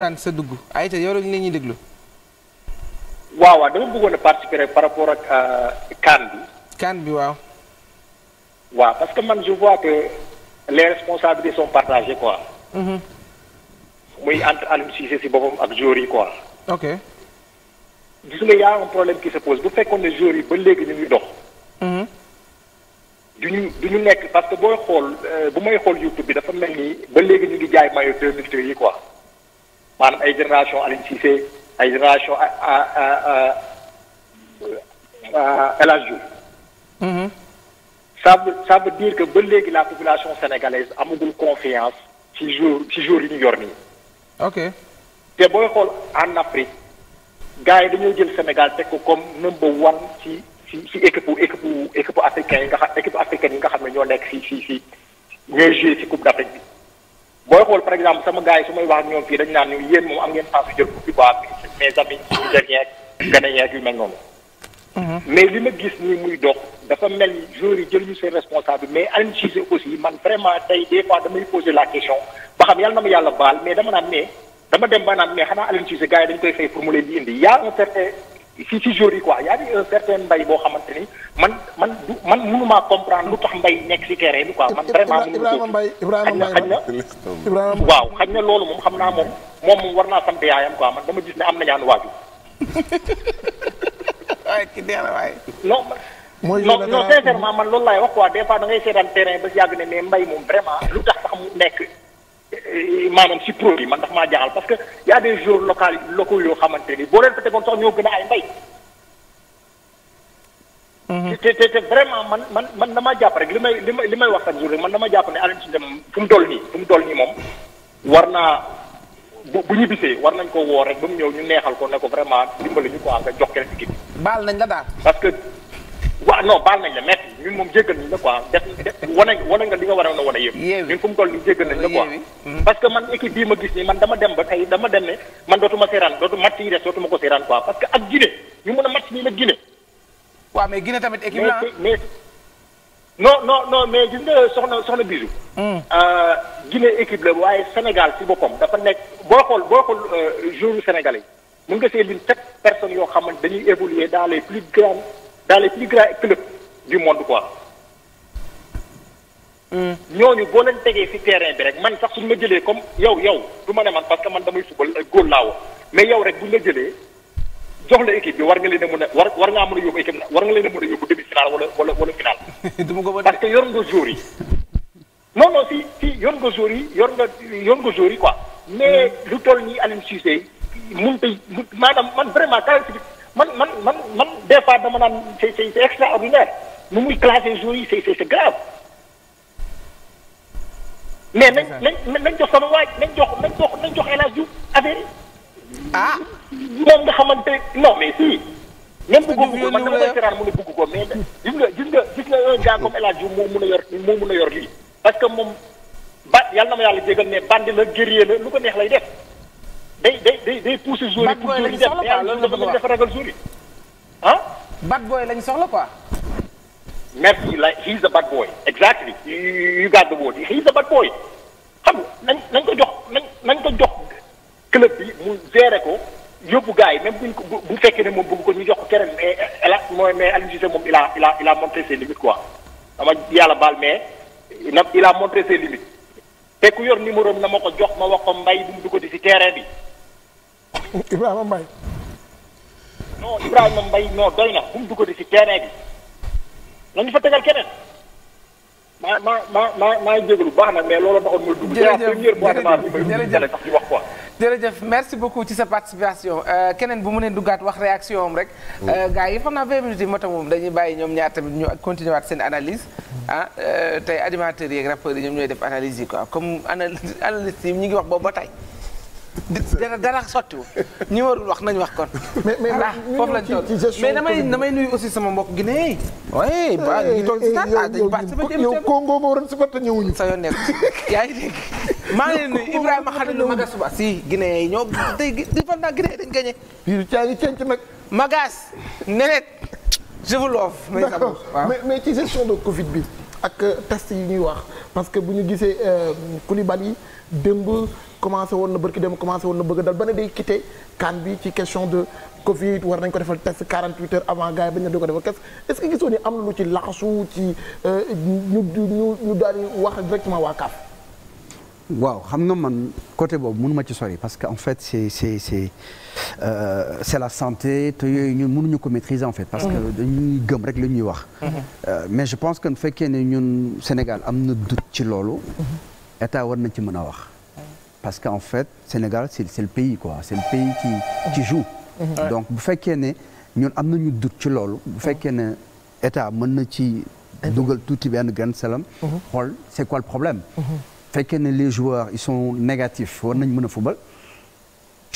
waaw sa dugg ayca yow rek la ñuy déglu. waaw waaw dama bëggoon a participer par rapport ak CAN euh, bi. CAN bi waaw. waaw parce que man je vois que les responsabilités sont partagées quoi. Mm-hmm. muy entre Aliou Cissé si boppam ak joueurs yi quoi. ok gis nga y a un problème qui se pose bu fekkoon ne joueurs yi ba léegi ñu ngi dox. Mm-hmm. du ñu nekk parce que booy xool euh, bu may xool YouTube bi dafa mel ni ba léegi ñu ngi jaay maillot 2003 yi quoi. maanaam ay génération Aliou Cissé ay génération ah, ah, ah, El Hadj Diouf. Mm-hmm. ça veut ça dire que ba léegi la population sénégalaise amagul confiance ci jour ci jour yi ñu yor nii. ok te booy xool en Afrique gars yi dañoo jël Sénégal teg ko comme number one ci ci ci équipe équipe équipe africaine yi nga xam équipe africaine yi nga xam ne ñoo nekk ci ci ci ñooy joué ci coupe d'Afrique bi. booy xool par exemple sama gars yi su may wax ak ñoom fii dañ naan ñu yéen moom am ngeen chance jël coupe bi quoi mes amis nigériens ghanéens mel noonu. Mhm. mais li ma gis ni muy dox dafa mel ni yi jël ñu seen responsable mais Aliou Cissé aussi man vraiment tey des fois damay poser la question ba xam yàlla na ma yàlla baal mais dama naan ne dama dem ba naan mais xanaa Aliou Cissé gars yi dañ koy fay pour mu leen di indi y' a un certain si si joueurs yi quoi y' a un certain boo xamante ni man. man du man mënumaa lu tax mbay nekk ci terrain bi quoi man vraiment. Ibrahima Mbaye Ibrahima Mbaye xaj waaw xaj na loolu moom xam naa moom moom war naa sant yaayam quoi man dama gis ne am na ñaan waajur. waaye ki dee la waaye. non mooy non non sincèrement man loolu laay wax quoi des fois da seetaan terrain ba si yàgg ne mais mbay moom vraiment lu tax sax mu nekk. Euh, maanaam si produit man dafa maa jaaxal parce que yaa a des jours local locaux yoo xamante ni boo leen fa tegoon sax ñoo gën a ay mbay. te te te vraiment man man man dama jàpp rek li may li may may wax chaque jour rek man dama jàpp ne Alioune Cissé moom fu mu toll nii fu mu nii moom war naa bu bu ñu bisee war ko woo rek ba mu ñëw ñu ko ne ko vraiment dimbali ñu ko nga jox keneen équipe bi. baal nañ la daal. parce que a mhm. man équipe bii ma gis nii man dama dem ba tey dama dem ne man dootuma seeraan dootuma ko seeraan quoi parce que ak Guinée ñu mën a match nii la Guinée waa mais Guinée tamit équipe no no non mais gis soxna soxna Bijou. Hmm. Euh, Guinée équipe la waaye Sénégal ci boppam dafa nekk boo xool boo xool euh, sénégal sénégalais mën nga see lim sept personnes yoo xam ne dañuy évoluer dans les plus grands dans les plus grands clubs du monde quoi. Hmm. ñooñu boo leen tegee ci terrain bi rek man sax suñu ma jëlee comme yow yow du ma ne man parce que man damay fubal euh, góol laa woon mais yow rek buñ la jëlee. jox la équipe bi war nga leen a mën a war war ngaa mën a yóbbu équipe war nga leen a mën a yóbbu demi wala wala wala final. dama ko parce que yor nga joueurs yi. non non si si yor nga joueurs yi yor nga yor nga joueurs yi quoi. mais mm. lu toll nii Aliou Cissé mënut a maanaam man vraiment caractéristique man man man man des fois dama naan c'est c'est c'est extraordinaire nu muy classé joueurs yi c'est c'est grave. mais nañ nañ nañ jox sama waaj nañ jox nañ jox nañ jox El Hadj Diouf affaire yi. ah. moom nga xamante non mais si. même bu bëgg ko man dama koy seetaan mën a bëgg ko mais gis nga gis nga gis nga un gars comme El Hadj Diouf moo mën a yor moo mën a yor lii. parce que moom ba yàlla na ma yàlla jégal ne bandi la guerrier la lu ko neex lay def day day day day pousser jour yi pour jour yi def mais dafa ragal jour yi ah. bad boy lañ soxla quoi. merci la he is a bad boy. exactly you got the word he is a bad boy. xam nga nañ nañ ko jox nañ nañ ko jox club bi mu gérer ko. yóbbu gars yi même buñ ko bu fekkee ne moom bugg ko ñu jox ko keneen mais la mooy mais Aliou Cissé moom il a il a il a dama yàlla baal mais na il a montré ses te ku yor numéro am na moo ko jox ma wax mbay bu mu duggati si terrain bi. Ibrahima Mbaye. non Ibrahima Mbaye non na bu mu duggati si terrain bi nañu fa tegal keneen. maa maa maa maa maa ngi jégalu baax na mais loolu taxoon ma dugg. jërëjëf jërëjëf jërëjëf jërëjëf wax quoi. jërëjëf merci beaucoup ci sa participation euh, keneen bu mu ne duggaat wax réaction am rek. Euh, gars yi xam naa 20 minutes yi moo tax moom dañuy bàyyi ñoom ñaar tamit ñu continuer waat seen analyse. ah euh, tey animateurs yeeg rappeurs yi ñoom ñooy def analyse yi quoi comme analyse yi ñu ngi wax boobu ba tey. dara dara sottiwul ñi warul wax nañu wax kon. mais mais foofu lañ toll mais damay damay aussi sama mbokk Guinée. oui eh, ba ñu toog si eh, tànn ah, dañu participer. yow Congo nga sa yoon nekk yaa ngi dégg. maa ngi nuyu Ibrahima Khalil Magas ba si Guinée yi ñoom tey di fan naa Guinée dañ gagné. biir caa ngi cenc nag. Magas nenet je vous l'offre. mais mais ci gestion de Covid bi ak euh, test yi ñuy wax parce que bu ñu gisee euh, Koulibaly démb commencé woon na barki démb commencé woon na bëgg dal ba ne day quitté kan bi ci question de Covid war nañ ko defal test 48 heures avant gars yi bañ na di ko defal test est-ce que gisoo ni am na lu ci laxasu ci euh, ñu daal wax directement waa CAF. waaw xam nga man côté boobu mënu ma ci sori parce que en fait c'est euh, c'est la santé te yooyu ñun mënuñu ko maîtriser en fait. parce que mhm. dañuy gëm rek li ñuy wax. Mhm. Euh, mais je pense que bu fekkee ne ñun Sénégal am na doute ci loolu. Mhm. état war na ci mën a wax. parce que en fait Sénégal c'est c'est le pays quoi c'est le pays qui qui joue. donc bu fekkee ne ñun am nañu doute ci loolu. bu fekkee ne état mën na ci dugal tuuti benn gan salam xool c'est quoi le problème. fekkee ne les joueurs ils sont négatifs war nañ mën a fubal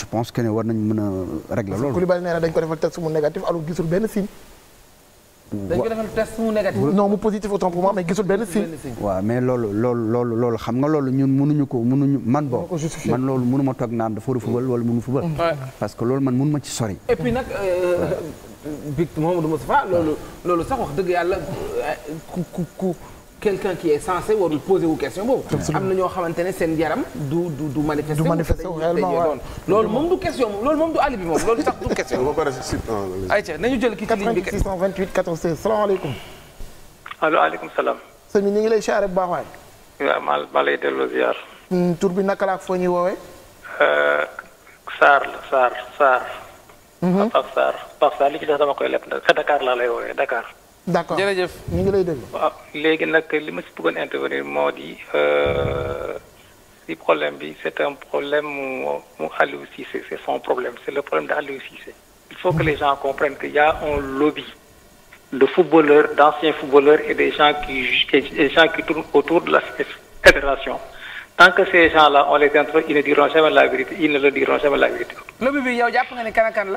je pense que ne war nañ mën a régler loolu. Koulibaly nee na dañ ko dañ ko defal test mu négatif. non benn signe. waaw mais loolu xam nga loolu ñun mënuñu ko mënuñu man bo man loolu mënu ma toog naan dafa war a fubal wala mënu fubal. Mm. parce que loolu man mënu ma ci sori. et puis nag. Big euh, Mamadou loolu sax wax dëgg yàlla euh, ku. quelqu'un qui est censé warul poser wu question boobu. am na ñoo xamante ne seen yaram du du du manifester. du manifester réellement waaw loolu moom du question loolu moom du alibi moom loolu sax du question. ba pare si ayca nañu jël kii ci ligne bi 628 14 salaamaaleykum. allo aleykum salaam. sëñ bi ñu ngi lay siyaare bu baax waay. waaw maa maa lay delloo ziar. Hmm, tur bi naka la ak foo ñuy woowee. Euh, Sarr la Sarr Sarr. Mhm. Pape Sarr Pape Sarr li ci des dama koy leb Dakar laa lay woowee Dakar. d' accord jërëjëf ñu léegi nag li ma si bëggoon intervenir moo di euh, si problème bi c' est un problème mu mu Aliou Cissé son problème c' le problème d' Aliou Cissé. il faut que les gens comprennent que y' a un lobby de footballeurs d' footballeurs et des gens qui des gens qui tournent autour de la fédération tant que ces gens là on les interroge ils ne diront jamais la vérité ils ne le diront jamais la vérité. lobby bi yow jàpp nga ne kan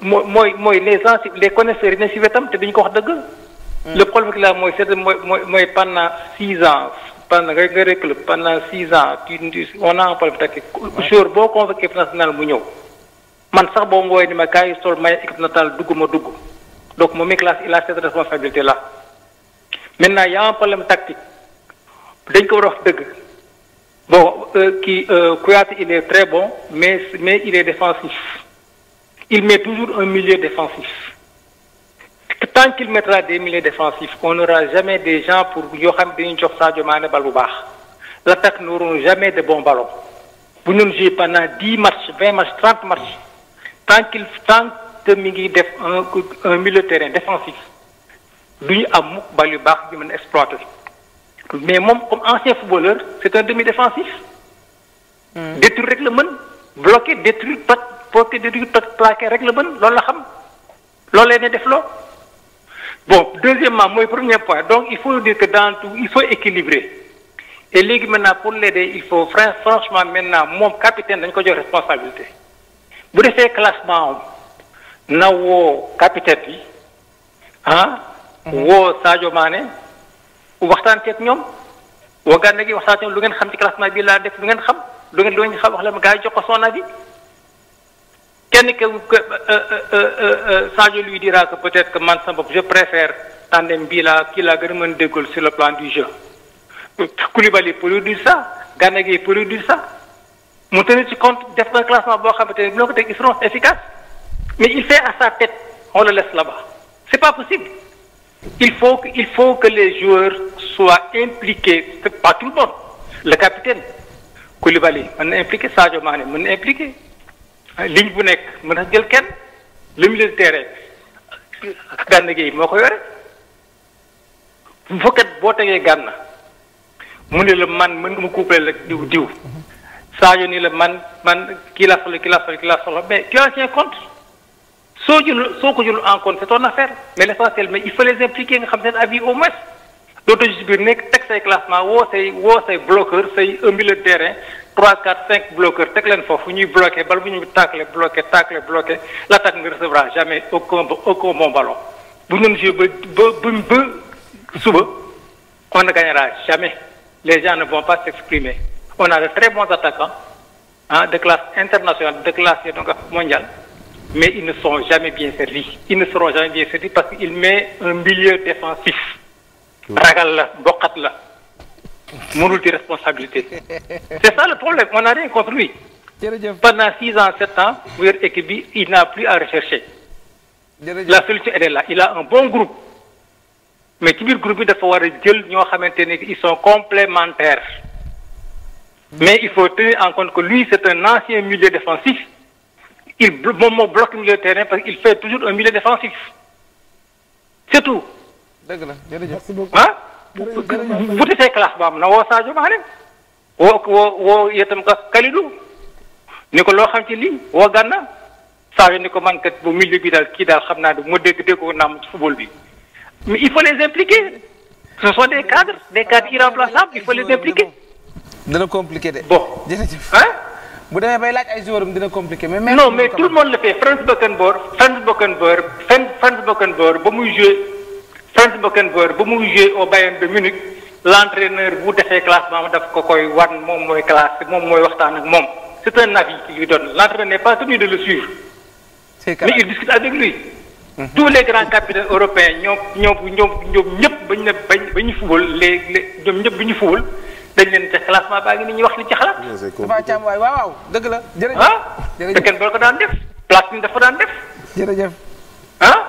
mooy mooy mooy les sensibles les connaisseurs yi ne si wetam te duñ ko wax dëgg. Hmm. le problème que là mooy c' est mooy mooy pendant six ans pendant nga nga recule pendant six ans tu on a problème tactique. jour boo convoqué nationale mu ñëw. man sax boo ngooy ni ma kaay sol may équipe nationale dugg ma dugg donc moom mi classe il a cette responsabilité là. maintenant y a un problème tactique dañ ko war a wax dëgg bon euh, kii euh, Kouyaté il est très bon mais mais il est défensif. il met toujours un milieu défensif tant qu'il mettra des milieux défensifs on n'aura jamais des gens pour yoo xam dañuy jox Sadio Mané bal bu baax l'attaque n'auront jamais de bons ballons bu ñun jouer pendant dix matchs vingt matchs trente matchs tant qu'il tant que mi ngi def un un milieu terrain défensif du ñu am mukk bal yu baax ñu mën exploiter mais mom comme ancien footballeur c'est un demi défensif hmm. détruire rek la mën bloquer porté de du toj plaqué rek la bën loolu la xam loolu leen ne def loo bon deuxièmement mooy premier point donc il faut dire que dans tout il faut équilibrer et léegi maintenant pour l'aider il faut franchement maintenant moom capitaine dañ ko jox responsabilité bu defee classement am na woo capitaine bi ah woo Sadio Mané waxtaan ceeg ñoom woo gànna gi waxtaan ceeg lu ngeen xam ci classement bi laa def lu ngeen xam lu ngeen lu ngeen xam wax la ma gars yi jox ko kenn ke euh, euh, euh, Sadio lui dira que peut-être que man sama bopp je préfère tandem bii laa kii laa gën a mën déggul sur le plan du jeu Koulibaly peut dire ça Gana Gueye peut dire ça mu tenir ci compte def na classement boo xamante ne dina ko teg ils seront efficaces mais il fait à sa tête on le laisse là-bas c'est pas possible il faut que il faut que les joueurs soient impliqués c'est pas tout le monde le capitaine Koulibaly mën na impliqué Sadio Mané mën na impliqué Ah, ligne bu nekk mën a jël kenn li mu leen teeree gànn gi moo ko yore bu fekket boo tegee gànn mu ne la man mën nga ma couplé la diw diw saa ni la man man kii laa soxla kii laa soxla kii laa soxla mais tu as tient compte soo jëlul soo ko jëlul en compte c'est ton affaire mais l'essentiel mais il faut les impliquer nga xam seen avis au moins doo tëju ci biir nekk teg say classement woo say woo say bloqueur say ëmbile terrain trois quatre cinq bloqueur teg leen foofu ñuy bloqué bal bu ñu tacler bloqué tacler bloqué l'attaque ne recevra jamais aucun aucun bon ballon bu ñu doon ba ba ba suba on na gagnera jamais les gens ne vont pas s'exprimer on a de très bons attaquants de classe internationale de classe donc mondiale mais ils ne sont jamais bien servis ils ne seront jamais bien servis parce qu'ils mettent un ragal la bokkat la mënul di responsabilité c'est ça le problème on a rien contre lui pendant six ans sept ans mu yor équipe bi il n'a plus à rechercher la solution elle est là il a un bon group mais ci biir groupe bi dafa war a jël ñoo xamante ne ils sont complémentaires hmm. mais il faut tenir en compte que lui c'est un ancien milieu défensif il moom moo bloque milieu de terrain parce qu'il fait toujours un milieu défensif c'est dëgg la jërëjëf ah. futi say classe ba am na woo Sadio Mané woo woo woo itam ka Kalidou ni ko loo xam ci lii woo Gana Sadio ni ko man kat bu milieu bi daal kii daal xam naa ne bu ma dégg dégg ko bi il faut les impliquer ce sont des cadres des cadres irremplaçables il faut les impliquer. dana compliqué de. bon jërëjëf ah. bu demee bay laaj ay joueurs dina compliqué mais. non mais tout le monde le fait Frans Beckenbauer. Frans Beckenbauer Frans Beckenbauer ba muy Franz Beckenbauer ba muy joué o Bayern de Munich l'entraîneur bu defee classement daf ko koy wan moom mooy classe moom mooy waxtaan moom c'est un avis qu'il lui donne pas tenu de le suivre. c'est il discute avec lui. Mm -hmm. tous les grands capitaines européens ñoom ñoom ba ñu fubal les les ñoom ñëpp bi ñu fubal dañ leen te classement baa ngi ni ñuy wax li ci xalaat. dafa càmm waaw dëgg la. jërëjëf ah. jërëjëf kenn boo ko daan def. place bi dafa daan def. a ah.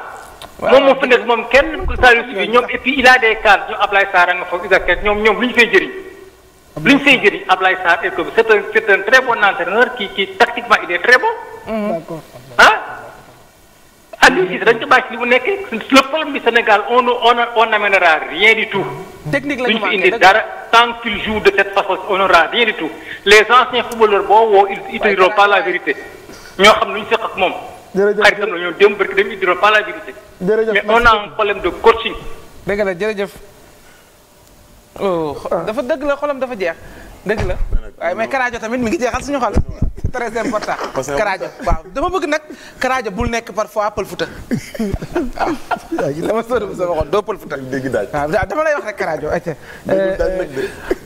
moom moo fa moom kenn Saliou Sy bi ñoom et puis il a des ñoom ñoom lu ñu fay jëriñ. li ñu fay jëriñ Ablaye Sarr et que c'est un c'est un très bon entraîneur qui qui tactiquement il est très bon. Mm-hmm. d'accord ah. Aliou Cissé dañ ko bàyyi li mu nekkee le problème du Sénégal on on on n'amènera rien du tout. technique la ñu fi indi dara tant qu'il joue de cette façon on n'aura rien du tout les anciens footballeurs boo woo ils ne diront ñoo xam lu seq ak jërëjëf xaritam la ñoo démb barki dañuy dira pas la vérité. jërëjëf mais a un problème de coaching. dëgg la jërëjëf. Oh, ah. dafa dëgg la xolam dafa jeex dëgg la waaye mais Karajo tamit mi ngi jeexal suñu xol. très important. parce que Karaja waaw dama bëgg nag Karaja bul nekk parfois pël futa. dama sori sama xol doo pël futa. dégg daal waaw dama lay wax rek Karaja ayca. Euh,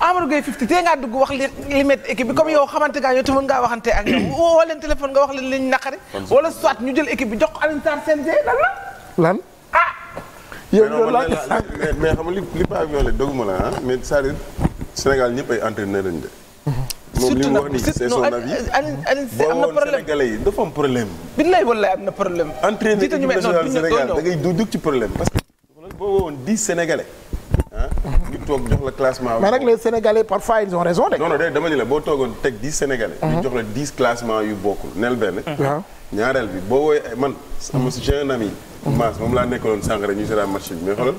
Amadou Gueye Fifty tey ngaa dugg wax li li métti équipe bi comme yow xamante ngaa yow te mën nga waxante ak ñoom woo leen téléphone nga wax leen li ñu naqari. wala soit ñu jël équipe bi jox ko Alioune Sarr CNG lan la. lan ah. yow loolu la mais xam nga li li Paa ah. Sénégal ñëpp ay entraîneur lañ de. Mhm. surtout nag surtout am na yi dafa am problème. billaay am na problème. entraîneur équipe nationale Sénégal da que boo woon dix sénégalais. Ah, ñu toog jox la classement. mais nag les sénégalais parfois ils ont raison de. non dama ni la boo toogoon teg dix sénégalais. ñu mhm. jox la dix classement yu bokkul nel benn. Mhm. ñaareel bi boo woowee man. am na si j'ai un moom laa nekk loon rek ñu seetaan match bi mais mhm. xoolal.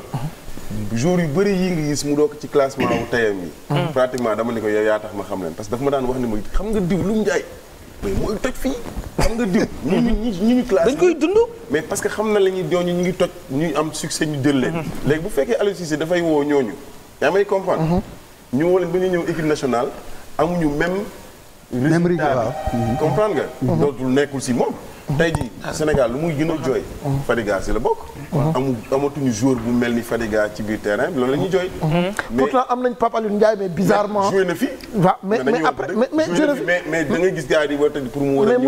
jour yu bëri yi nga gis mu doog ci classement wu tayam yi mm. Mm. pratiquement dama ne ko yow yaa tax ma xam leen parce que dafa ma daan wax ni ma xam nga diw lu mu jaay mooy toj fii xam nga diw ñu ñu ñu ñu classé dañ koy dund mais parce que xam na la ñuy ñooñu ñu ngi toj ñu am succès ñu jël leen mm-hmm. léegi bu fekkee Aliou Cissé dafay woo ñooñu yaa may comprendre mm-hmm. ñu woo ba ñu ñëw équipe nationale amuñu même résultat mm-hmm. comprendre nga dootul nekkul si moom tey jii Sénégal lu muy gën a jooy. Fadiga si la bokk. amu amatuñu joueur bu mel ni Fadiga ci biir terrain loolu la ñuy jooy. Mhm. mais am nañ Pape Alioune Ndiaye mais bizarrement. joué na fi. waaw mais mais après mais mais ngay gis gars yi di pour mu war a ñëwaat mais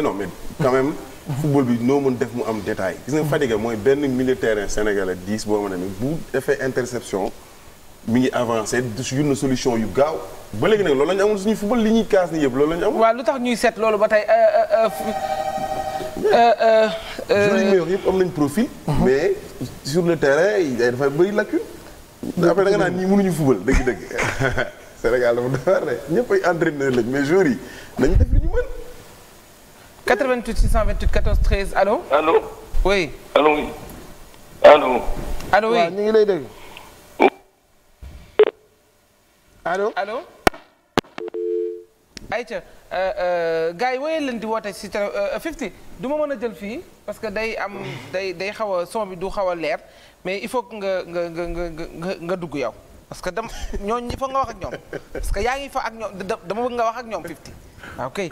mosuñu football bi noo mën def mu am détail. gis nga mhm. Fadiga mooy benn milieu terrain sénégalais 10 boo xam ne bu defee interception. mi ngi avancé yu na solution yu gaaw ba léegi nag loolu la ñu suñu football li ñuy kaas ni yëpp loolu la ñu amoon. waaw lu tax ñuy seet loolu ba tey. Euh, euh, euh, joueurs yi may wax yëpp am nañ profil. Mhm. mais sur le terrain dafay bëri lacune. après da nga naan ñii mënuñu football dëgg-dëgg. Sénégal dafa defar de ñëpp ay entraîneur lañ mais joueurs yi nañu def li ñu mën. 88 628 14 13 allo. allo. allo. allo. allo oui ñu ngi lay dégg. allo allo. ayca euh, euh, gars yi wooyee leen di woote si euh, fifty du ma mën a jël fii parce que day am day day xaw a son bi du xaw a leer mais il faut que nga nga nga nga nga dugg yow. parce que dama ñooñu il faut nga wax ak ñoom parce que yaa ngi fa ak ñoom dama bëgg nga wax ak ñoom fifty waaw ah, kay.